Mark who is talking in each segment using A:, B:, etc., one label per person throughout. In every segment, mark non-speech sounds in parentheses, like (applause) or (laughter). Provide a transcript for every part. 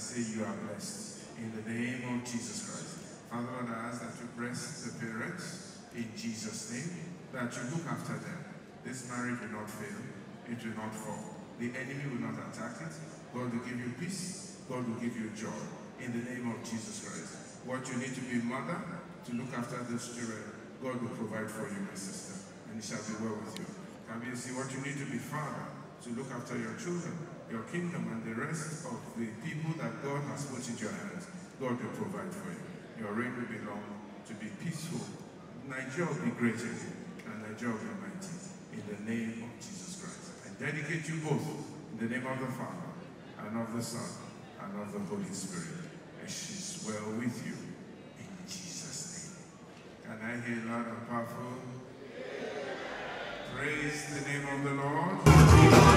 A: say you are blessed in the name of Jesus Christ. Father, Lord, I ask that you bless the parents in Jesus' name, that you look after them. This marriage will not fail, it will not fall. The enemy will not attack it. God will give you peace, God will give you joy in the name of Jesus Christ. What you need to be mother, to look after the children, God will provide for you, my sister, and it shall be well with you. Can you see what you need to be father, to look after your children, your kingdom and the rest of the people that God has put in your hands. God will provide for you. Your reign will be long, to be peaceful. Nigeria will be greater. and Nigeria will be mighty. In the name of Jesus Christ. I dedicate you both in the name of the Father, and of the Son, and of the Holy Spirit. And she's well with you in Jesus' name. Can I hear loud and powerful? Praise the name of the Lord.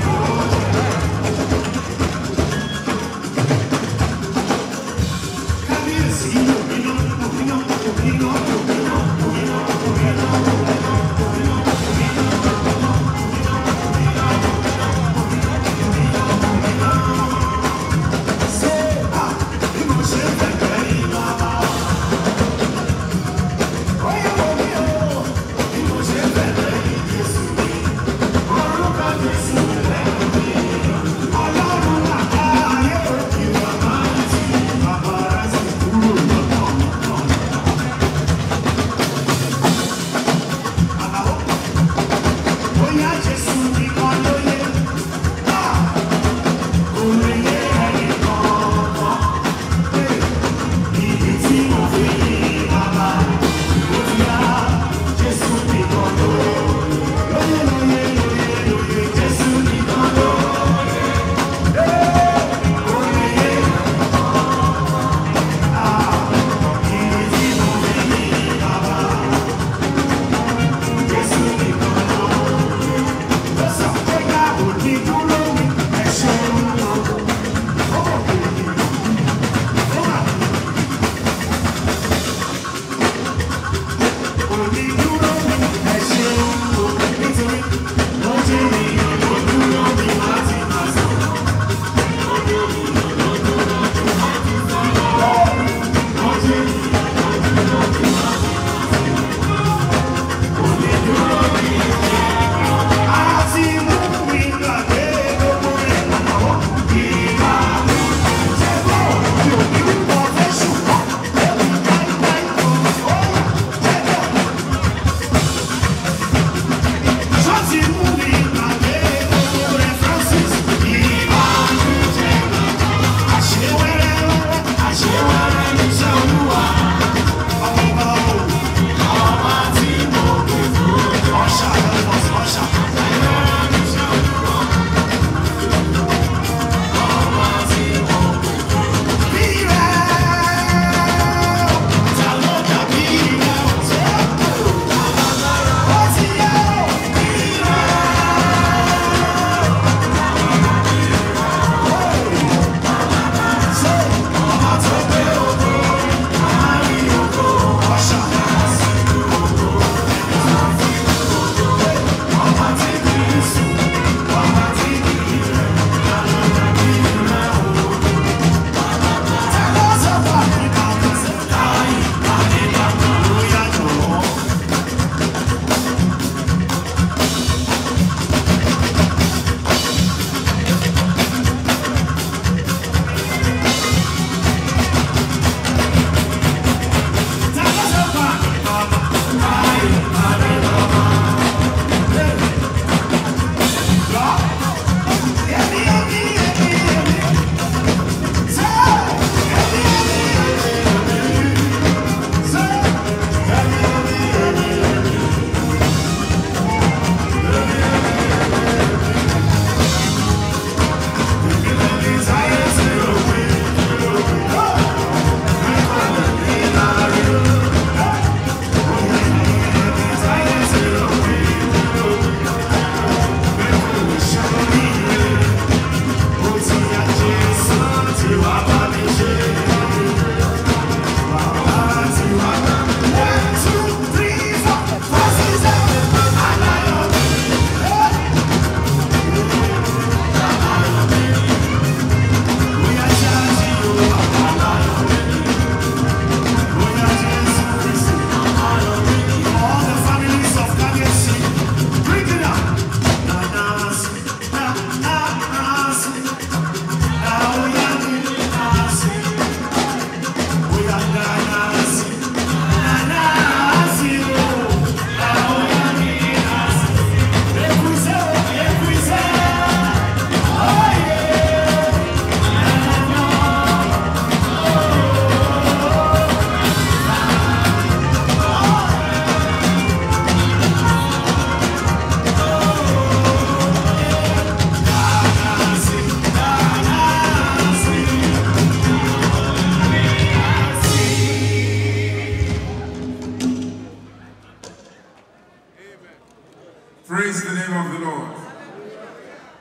A: Praise the name of the Lord.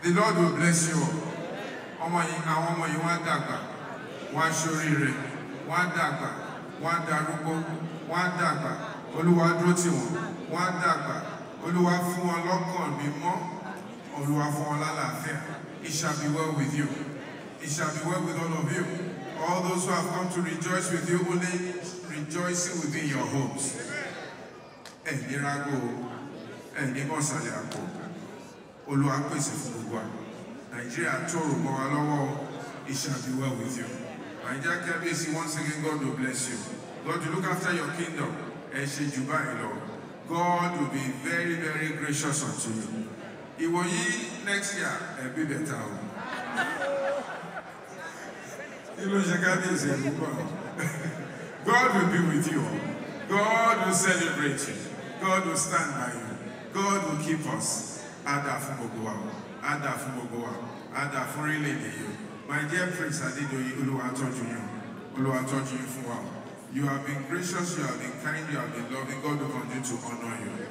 A: The Lord will bless you. Ọmọ rẹ̀, It shall be well with you. It shall be well with all of you. All those who have come to rejoice with you, only rejoicing within your homes. here I gbòó ẹ̀yìn bọ́ sàlẹ̀ àpò olúwa pèsè fún gbogbo wa nàìjíríà tóró mọ́ wa lọ́wọ́ it shall be well with you nàìjíríà kábíyèsí once again God will bless you God will look after your kingdom ẹ ṣe jù báyìí lọ God will be very very gracious unto you ìwòyí next year ẹ bí bẹ̀tà o ìlú ṣe kábíyèsí ẹ̀ (laughs) God will be with you God will celebrate you God will stand by you. God will keep us. Ada fún gbogbo wa, ada fún My dear friends, Adedoyin, Olúwa tọ́jú are Olúwa tọ́jú You have been gracious, you have been kind, you have been loving. God will continue to honor you.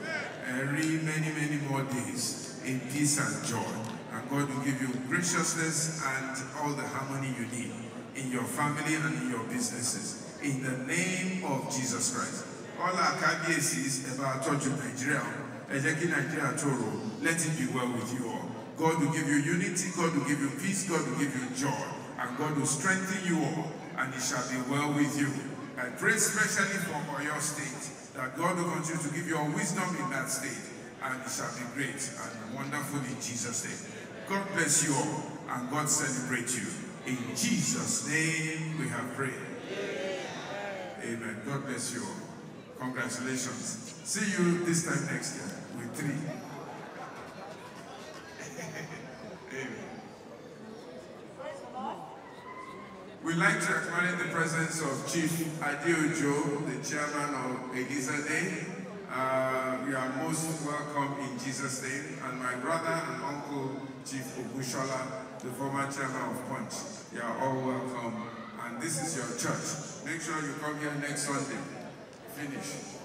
A: Every many, many more days in peace and joy. And God will give you graciousness and all the harmony you need in your family and in your businesses. In the name of Jesus Christ. All our is about touching Nigeria ẹ tòrò let it be well with you all God will give you unity God will give you peace God will give you joy and God will strengthen you all and it shall be well with you I pray especially for your State that God will continue to give you all wisdom in that state and it shall be great and wonderful in Jesus name God bless you all and God celebrate you in Jesus name we have prayed Amen. God bless you all. Congratulations. See you this time next year with three. Amen. We'd like to acknowledge the presence of Chief Adeojo, the chairman of Ediza Day. Uh, you are most welcome in Jesus' name. And my brother and uncle, Chief Obushola, the former chairman of Punch. You are all welcome. And this is your church. Make sure you come here next Sunday finish.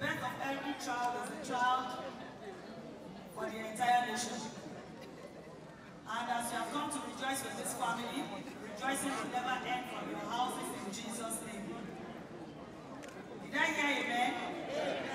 B: birth of every child is a child for the entire nation. And as you have come to rejoice with this family, rejoicing will never end from your houses in Jesus' name. Did I hear amen? amen.